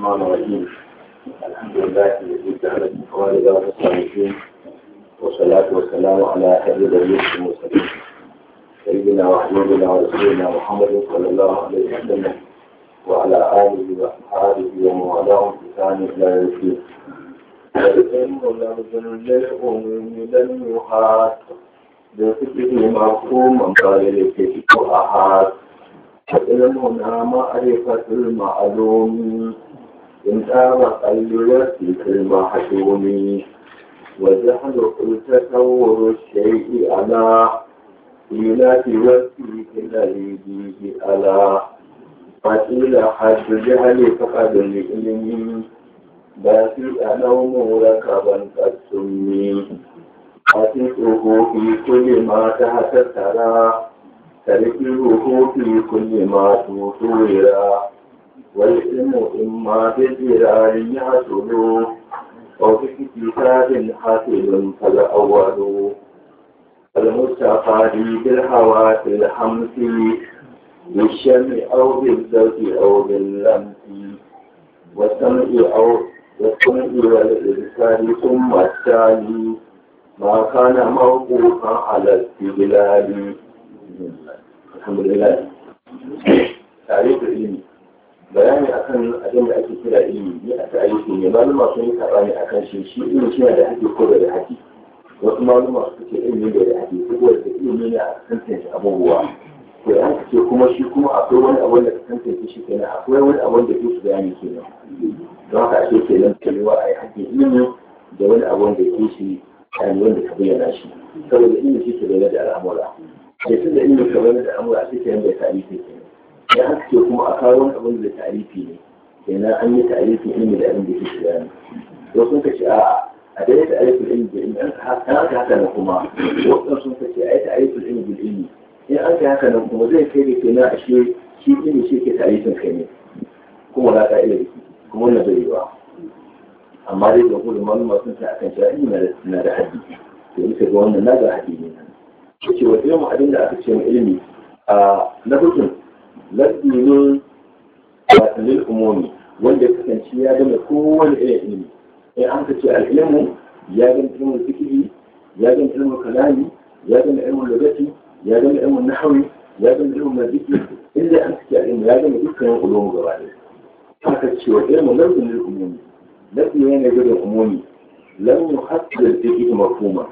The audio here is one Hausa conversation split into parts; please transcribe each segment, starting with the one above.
الرحمن الرحيم الحمد لله الذي جعل الكفار دار الصالحين والصلاة والسلام على سيد الرزق المرسلين سيدنا وحبيبنا ورسولنا محمد صلى الله عليه وسلم وعلى آله وأصحابه ومن والاهم بإحسان إلى يوم الدين. da suke mafhuman bayan da ke fito a har. Ilmuna ينتهى قلنا في كلمة حكومي وجهل تطور الشيء على إلى توفي كلا يجيه على قتيل حد جهل فقد لإلم باتي أنوم ركبا قد سمي أتيته في كل ما تحت ترى تركه في كل ما توتورا والاسم إما بالجلال يعتل أو بكتاب حاصل فالأول المستقال بالحواس الحمس بالشم أو بالزوج أو باللمس والسمع أو والسمع والإبصار ثم التالي ما كان موقوفا على استدلال الحمد لله maluma sun yi saɓani a kan shi shi ilimi shi da haƙi ko da haƙi wasu maluma su ce ilimi da da haƙi ko da ilimi ne a tantance abubuwa to ya ce kuma shi kuma akwai wani abu da tantance shi kenan akwai wani abu da su bayani kenan don haka ake kenan cewa a yi haƙin ilimi da wani abu da ke shi yani wanda ka bayyana shi saboda ilimi shi ke bayyana da al'amura sai tun da ilimi ka bayyana da al'amura shi kenan bai tarihi kenan ya haka ce kuma a kawo wani abu da tarihi ne kenan an yi ta'arifin ilmi da abin da ke shiga ne wasu ka ce a a dai ta'arifin ilmi da ilmi an ka haka na kuma wasu sun ka ce a yi ta'arifin ilmi da ilmi in an ka haka na kuma zai kai da kenan a shi shi ilmi shi ke ta'arifin kai ne kuma na ka'ida da kuma wannan bai yiwa amma dai da gudun malama sun ta akan cewa ilmi na da haddi to bisa ga wannan na ga haddi ne ce wa ilmi abin da aka ce ma ilmi a na hukun lazimi ne lil umumi wanda ya kasance ya gama kowane irin ilimi in an ka ce al'ilmu ya gama ilmin fikiri ya gama ilmin kalami ya gama ilmin lugati ya gama ilmin nahawi ya gama ilmin maziki inda an ka ce al'ilmu ya gama dukkanin ulum gaba ɗaya haka cewa ilmu lafzin lil umumi lafzin yana gudun umumi lam yuhassal fiqh mafhuma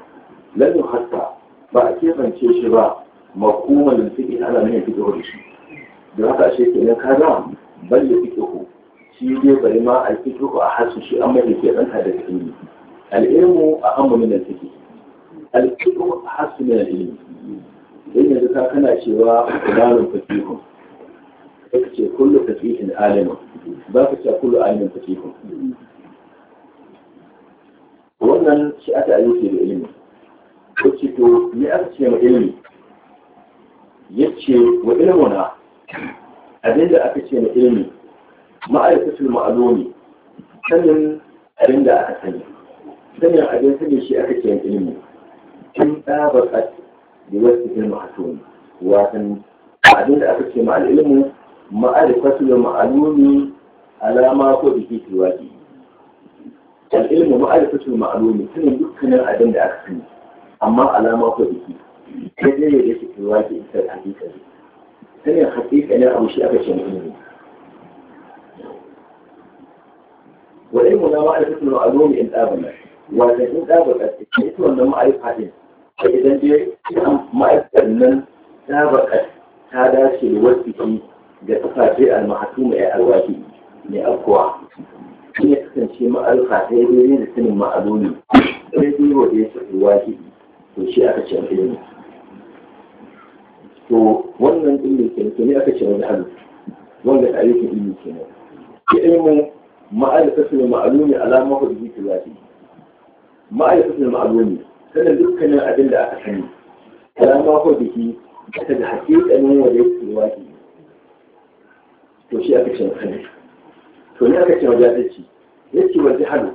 lam yuhassal ba a kebance shi ba makoman da suke ana nuna fito da shi da haka ashe kenan ka ga bal da fiqhu shi dai bari ma al fiqhu a hasu shi amma da ke dan hada da ilimi al ilmu a amma min al fiqhu al fiqhu a hasu min al ilimi dan yanzu ka kana cewa kulalun fiqhu kake ce kullu fiqhin alimun ba ka ce kullu alimun fiqhu wannan shi aka ayyuke da ilimi ko ce to me aka ce ma ilimi yace wa ilmuna ma'azo ne sanin abin da aka sani sanin abin sani shi aka ce ilimi in tsabar da wasu cikin hato ne watan abin da aka ce ma'al ilimi ma'arifatu da ma'alumi alama ko da ke tiwaji al ilmi ma'arifatu da ma'alumi sanin dukkanin abin da aka sani amma alama ko da ke sai dai da ke tiwaji ita hakika ne sanin hakika ne abu shi aka ce ilimi وعلمنا معرفة المعلوم إن آمنا وإن إن آمنا إنت وأن معرفة idan فإذا دي معرفة nan سابقت هذا ta dace da tafafiyar mahatuma ya alwaki mai alkuwa in ya kasance ma'alfa ta yi daidai da sanin ma'aloli daidai wa ya shafi waki to shi aka ce ilimi to wannan ilimi ke ne aka ce wani hannu wanda ta yi ilimi ke ne ilimin ma'aikatu ne ma'alumi alama hudu jiki zafi ma'aikatu ne ma'alumi sannan dukkanin abin da aka sani alama hudu jiki ta da hakikanin wanda yake wafi to shi aka ce sani to ne aka ce wajazaci yake wajen hannu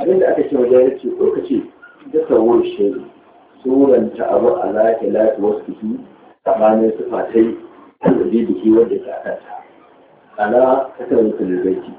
abin da aka ce wajazaci ko ka ce da sauran shaidu suranta abu a lafi lafi wasu jiki tsakanin sufatai da biki wanda ke akanta ala kasar musulun zaki